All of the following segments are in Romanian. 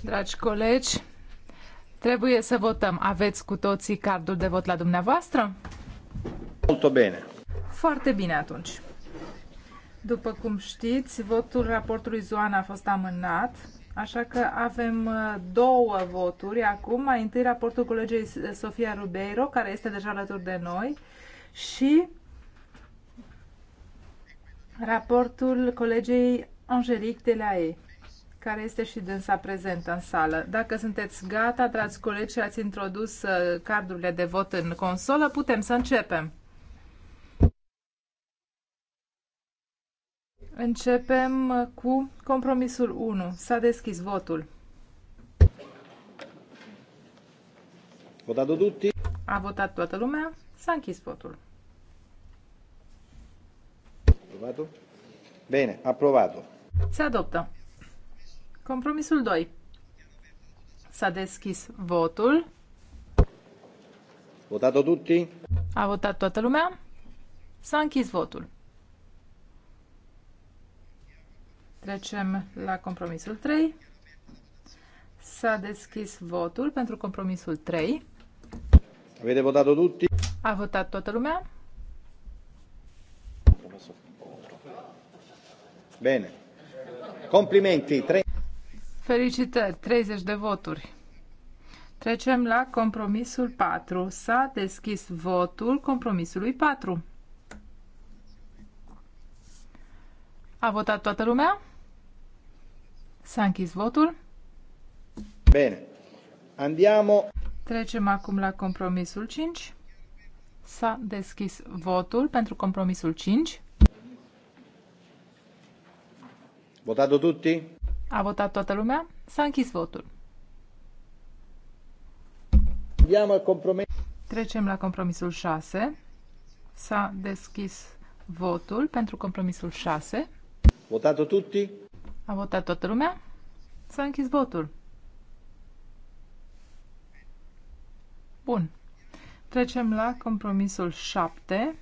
Dragi colegi, trebuie să votăm. Aveți cu toții cardul de vot la dumneavoastră? Molto bene. Foarte bine atunci. După cum știți, votul raportului Zoana a fost amânat, așa că avem uh, două voturi acum. Mai întâi raportul colegei Sofia Rubeiro, care este deja alături de noi, și raportul colegei Angelique Delae, care este și dânsa prezentă în sală. Dacă sunteți gata, dragi colegi, și ați introdus uh, cardurile de vot în consolă, putem să începem. Începem uh, cu compromisul 1. S-a deschis votul. Votato tutti? A votat toată lumea. S-a închis votul. Approvato? Bine, aprobat. Se adoptă. Compromisul 2. S-a deschis votul. Votat-o tutti? A votat toată lumea? S-a închis votul. Trecem la compromisul 3. S-a deschis votul pentru compromisul 3. Avete votat-o tutti? A votat toată lumea? Bine. Complimenti! Tre... Felicitări! 30 de voturi. Trecem la compromisul 4. S-a deschis votul compromisului 4. A votat toată lumea? S-a închis votul? Bine. Andiamo. Trecem acum la compromisul 5. S-a deschis votul pentru compromisul 5. Votato tutti? A votat toată lumea? S-a închis votul. Trecem la compromisul 6. S-a deschis votul pentru compromisul 6. Votato tutti? A votat toată lumea? S-a închis votul. Bun. Trecem la compromisul 7.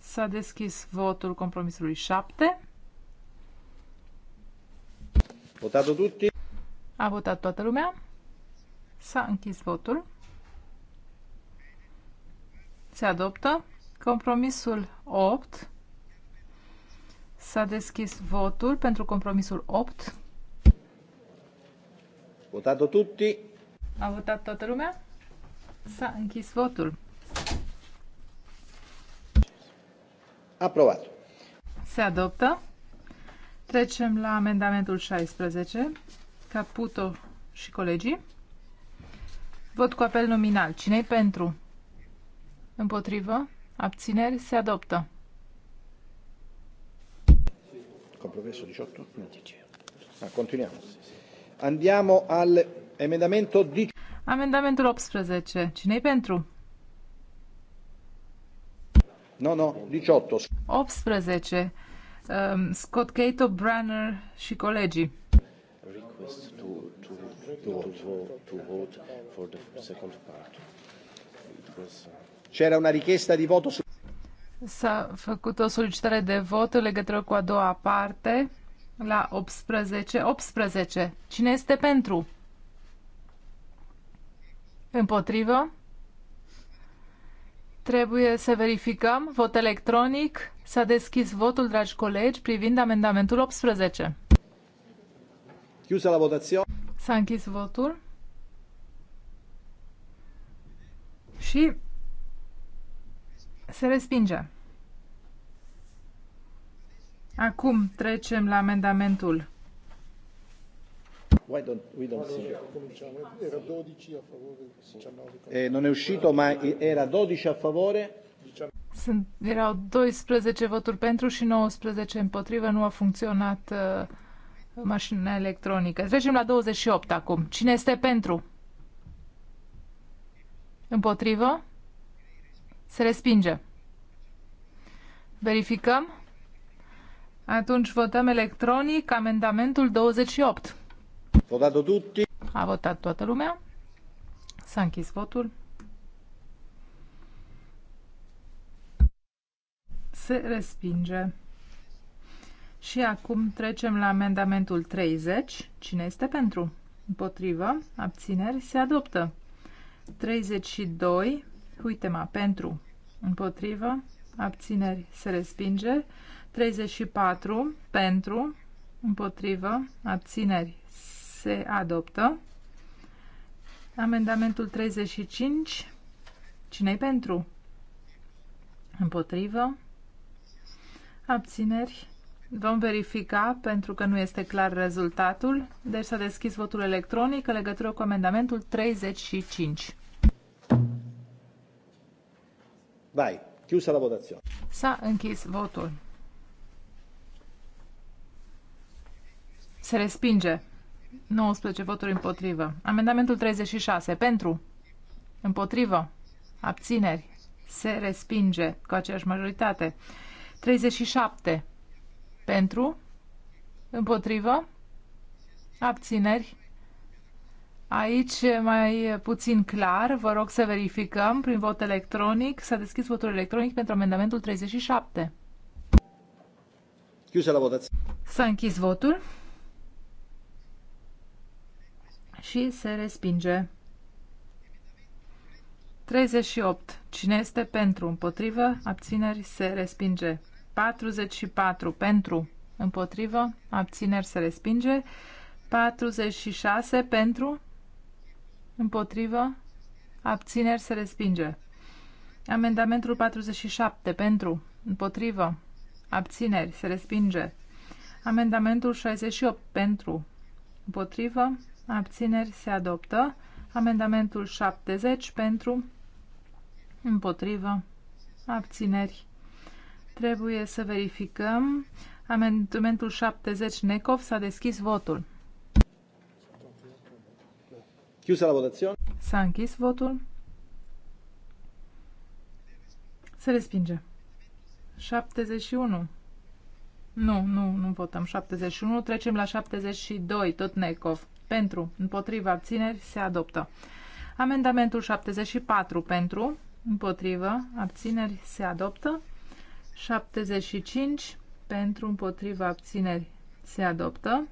S-a deschis votul compromisului 7. Votato tutti? A votat toată lumea. S-a închis votul. Se adoptă. Compromisul 8. S-a deschis votul pentru compromisul 8. Votato tutti. A votat toată lumea? S-a închis votul. Aprobat. Se adoptă. Trecem la amendamentul 16. Caputo și colegii. Vot cu apel nominal. cine pentru? Împotrivă? Abțineri? Se adoptă. Compromesso 18? No. Ah, continuiamo. Andiamo al emendamento 18. Amendamentul 18. cine pentru? No, no, 18. 18 um, Scott Cato, Branner și colegii. Request to, to, to, vote, to vote for the second part. Was... Uh, C'era una richiesta di voto su... S-a făcut o solicitare de vot în legătură cu a doua parte la 18. 18. Cine este pentru? Împotrivă? Trebuie să verificăm vot electronic. S-a deschis votul, dragi colegi, privind amendamentul 18. Chiusa la votație. S-a închis votul. Și se respinge. Acum trecem la amendamentul Why don't, we don't see. Era 12 a favore, 19. Eh, non è uscito, ma era 12 a favore. Sunt, erau 12 voturi pentru și 19 împotrivă. Nu a funcționat uh, mașina electronică. Trecem la 28 acum. Cine este pentru? Împotrivă? Se respinge. Verificăm. Atunci votăm electronic amendamentul 28 tutti? A votat toată lumea? S-a închis votul. Se respinge. Și acum trecem la amendamentul 30. Cine este pentru? Împotrivă. Abțineri. Se adoptă. 32. ma. Pentru. Împotrivă. Abțineri. Se respinge. 34. Pentru. Împotrivă. Abțineri se adoptă. Amendamentul 35. cine pentru? Împotrivă. Abțineri. Vom verifica pentru că nu este clar rezultatul. Deci s-a deschis votul electronic în legătură cu amendamentul 35. Vai, chiusa la votazione. S-a închis votul. Se respinge. 19 voturi împotrivă. Amendamentul 36. Pentru. Împotrivă. Abțineri. Se respinge cu aceeași majoritate. 37. Pentru. Împotrivă. Abțineri. Aici mai puțin clar. Vă rog să verificăm prin vot electronic. S-a deschis votul electronic pentru amendamentul 37. S-a închis votul și se respinge. 38. Cine este pentru? Împotrivă? Abțineri? Se respinge. 44. Pentru? Împotrivă? Abțineri? Se respinge. 46. Pentru? Împotrivă? Abțineri? Se respinge. Amendamentul 47. Pentru? Împotrivă? Abțineri? Se respinge. Amendamentul 68. Pentru? Împotrivă? abțineri se adoptă. Amendamentul 70 pentru, împotrivă, abțineri. Trebuie să verificăm. Amendamentul 70 Necov s-a deschis votul. Chiusa la votazione. S-a închis votul. Se respinge. 71. Nu, nu, nu votăm 71. Trecem la 72, tot Necov pentru, împotriva abțineri se adoptă. Amendamentul 74 pentru, împotriva abțineri se adoptă. 75 pentru, împotriva abțineri se adoptă.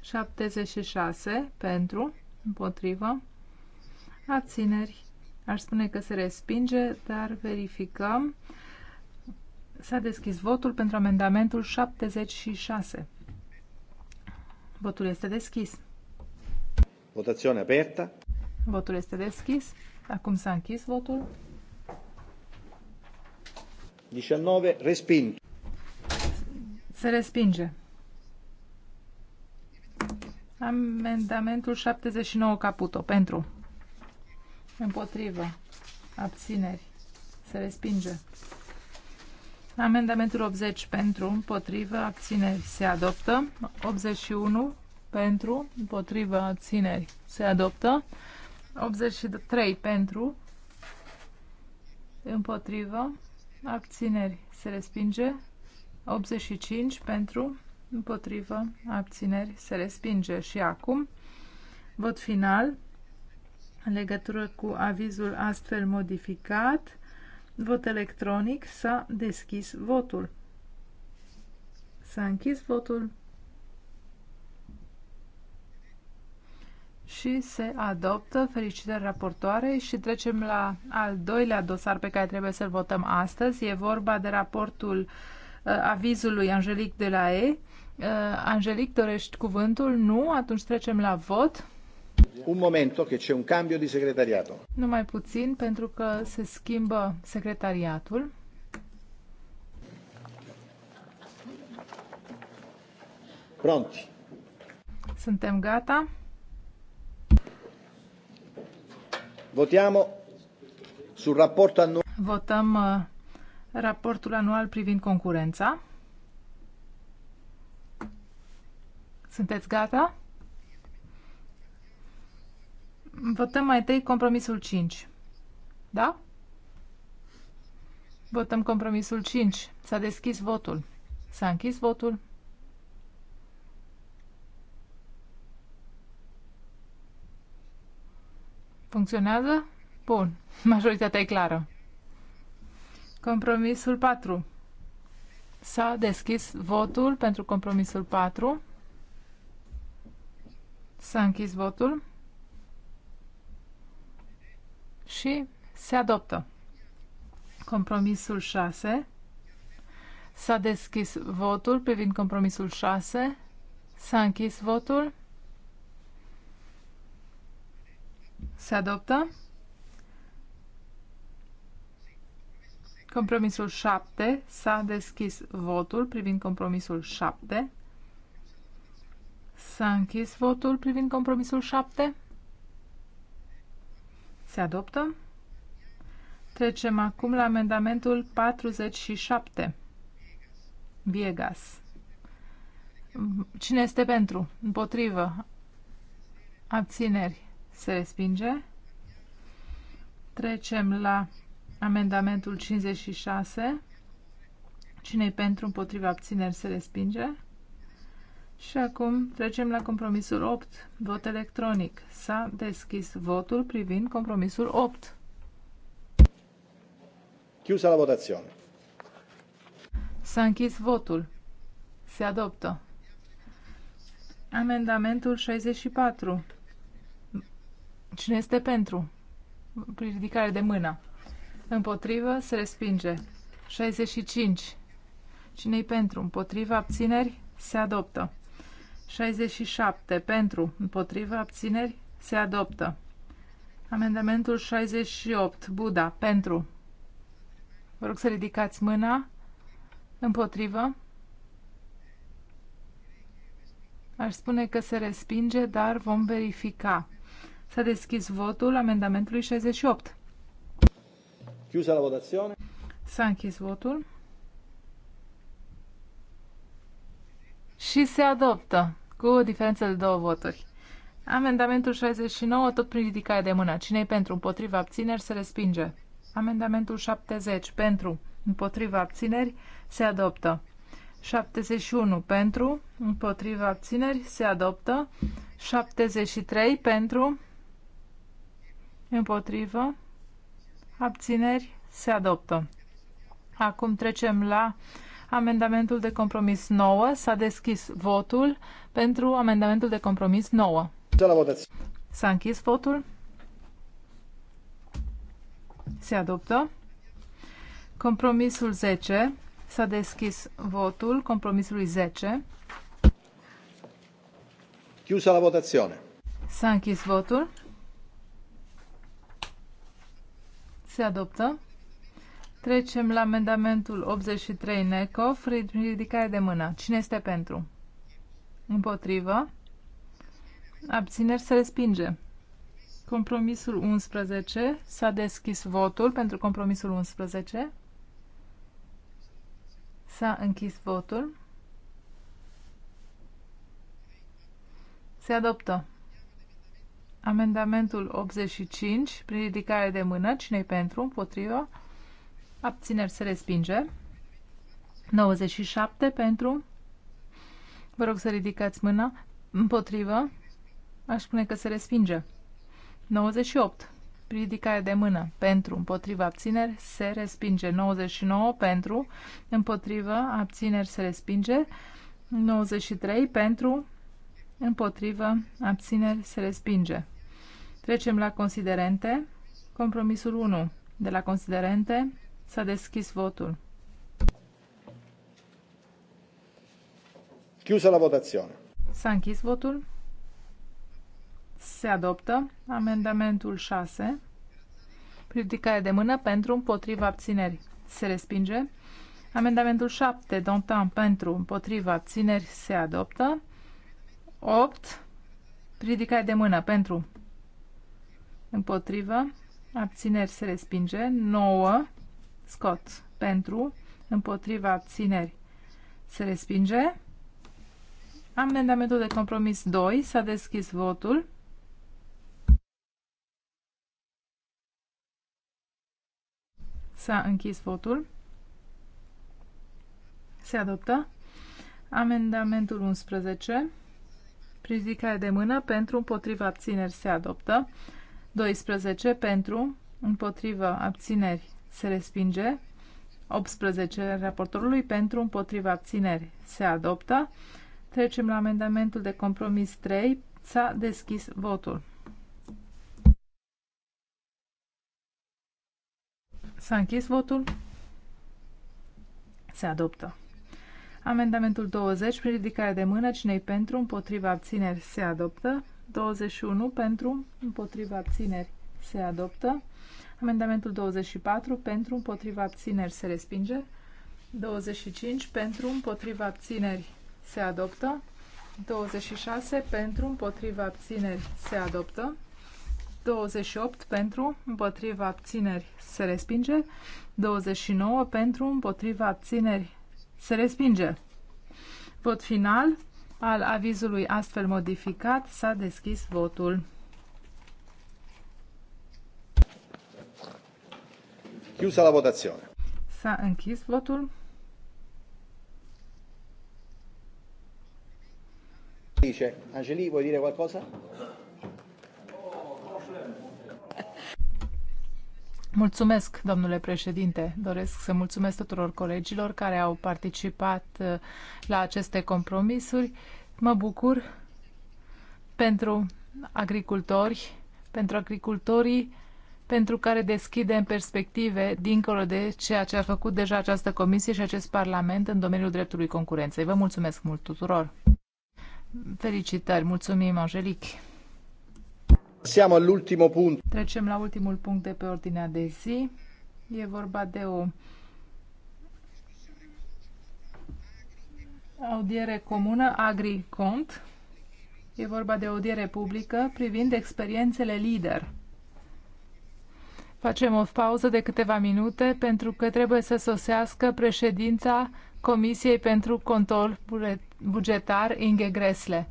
76 pentru, împotriva abțineri. Aș spune că se respinge, dar verificăm. S-a deschis votul pentru amendamentul 76. Votul este deschis. Votazione aperta. Votul este deschis. Acum s-a închis votul. 19. Resping. Se respinge. Amendamentul 79 Caputo. Pentru. Împotrivă. Abțineri. Se respinge. Amendamentul 80 pentru, împotrivă, abțineri se adoptă. 81 pentru, împotriva țineri se adoptă. 83 pentru, împotriva abțineri se respinge. 85 pentru, împotriva abțineri se respinge. Și acum, vot final în legătură cu avizul astfel modificat. Vot electronic s-a deschis votul. S-a închis votul. și se adoptă. Felicitări raportoare și trecem la al doilea dosar pe care trebuie să-l votăm astăzi. E vorba de raportul uh, avizului Angelic de la E. Uh, Angelic, dorești cuvântul? Nu? Atunci trecem la vot. Un moment, că c'è un cambio di secretariato. Numai puțin, pentru că se schimbă secretariatul. Pronti. Suntem gata. Votiamo sul rapporto annual. Votăm uh, raportul anual privind concurența. Sunteți gata? Votăm mai întâi compromisul 5. Da? Votăm compromisul 5. S-a deschis votul. S-a închis votul. Funcționează? Bun. Majoritatea e clară. Compromisul 4. S-a deschis votul pentru compromisul 4. S-a închis votul și se adoptă. Compromisul 6. S-a deschis votul privind compromisul 6. S-a închis votul Se adoptă. Compromisul 7. S-a deschis votul privind compromisul 7. S-a închis votul privind compromisul 7. Se adoptă. Trecem acum la amendamentul 47. Viegas. Cine este pentru? Împotrivă? Abțineri? Se respinge. Trecem la amendamentul 56. Cine-i pentru, împotriva, abțineri, se respinge. Și acum trecem la compromisul 8, vot electronic. S-a deschis votul privind compromisul 8. Chiusa la votazione. S-a închis votul. Se adoptă. Amendamentul 64. Cine este pentru? Ridicare de mână. Împotrivă, se respinge. 65. Cine-i pentru? Împotrivă, abțineri, se adoptă. 67. Pentru, împotrivă, abțineri, se adoptă. Amendamentul 68. Buda, pentru. Vă rog să ridicați mâna. Împotrivă. Aș spune că se respinge, dar vom verifica. S-a deschis votul amendamentului 68. Chiusa la votazione. S-a închis votul. Și se adoptă cu o diferență de două voturi. Amendamentul 69, tot prin ridicare de mână. Cine-i pentru? Împotriva abțineri se respinge. Amendamentul 70, pentru. Împotriva abțineri se adoptă. 71 pentru, împotriva abțineri se adoptă. 73 pentru, Împotrivă. Abțineri. Se adoptă. Acum trecem la amendamentul de compromis 9. S-a deschis votul pentru amendamentul de compromis 9. S-a închis votul. Se adoptă. Compromisul 10. S-a deschis votul compromisului 10. Chiusa la votazione. S-a închis votul. Se adoptă. Trecem la amendamentul 83 NECO, ridicare de mână. Cine este pentru? Împotrivă. Abțineri se respinge. Compromisul 11. S-a deschis votul pentru compromisul 11. S-a închis votul. Se adoptă. Amendamentul 85, prin ridicare de mână, cine pentru, Împotriva, abțineri se respinge. 97 pentru, vă rog să ridicați mâna, împotrivă, aș spune că se respinge. 98, prin ridicare de mână, pentru, împotriva, abțineri se respinge. 99 pentru, împotrivă, abțineri se respinge. 93 pentru, împotrivă, abțineri, se respinge. Trecem la considerente. Compromisul 1 de la considerente s-a deschis votul. Chiusă la votație. S-a închis votul. Se adoptă amendamentul 6. Ridicare de mână pentru împotriva abțineri. Se respinge. Amendamentul 7, Dontan, pentru împotriva abțineri, se adoptă. 8. Ridicare de mână pentru. Împotrivă. Abțineri se respinge. 9. Scot pentru. Împotriva abțineri se respinge. Amendamentul de compromis 2. S-a deschis votul. S-a închis votul. Se adoptă. Amendamentul 11 ridicare de mână, pentru, împotriva, abțineri, se adoptă. 12 pentru, împotriva, abțineri, se respinge. 18 raportorului pentru, împotriva, abțineri, se adoptă. Trecem la amendamentul de compromis 3. S-a deschis votul. S-a închis votul. Se adoptă. Amendamentul 20, prin ridicarea de mână, cine pentru, împotriva abțineri, se adoptă. 21 pentru, împotriva abțineri, se adoptă. Amendamentul 24 pentru, împotriva abțineri, se respinge. 25 pentru, împotriva abțineri, se adoptă. 26 pentru, împotriva abțineri, se adoptă. 28 pentru, împotriva abțineri, se respinge. 29 pentru, împotriva abțineri, se respinge. Vot final al avizului astfel modificat. S-a deschis votul. Chiusa la votazione. S-a închis votul. Dice Angeli, vuoi dire qualcosa? Mulțumesc, domnule președinte. Doresc să mulțumesc tuturor colegilor care au participat uh, la aceste compromisuri. Mă bucur pentru agricultori, pentru agricultorii pentru care deschidem perspective dincolo de ceea ce a făcut deja această comisie și acest parlament în domeniul dreptului concurenței. Vă mulțumesc mult tuturor! Felicitări! Mulțumim, Angelic! Siamo all'ultimo punto. Trecem la ultimul punct de pe ordinea de zi. E vorba de o audiere comună Agricont. E vorba de o audiere publică privind experiențele lider. Facem o pauză de câteva minute pentru că trebuie să sosească președința Comisiei pentru Control Bugetar, Inge Gresle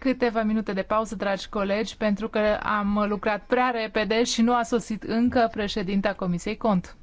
câteva minute de pauză, dragi colegi, pentru că am lucrat prea repede și nu a sosit încă președinta Comisiei Cont.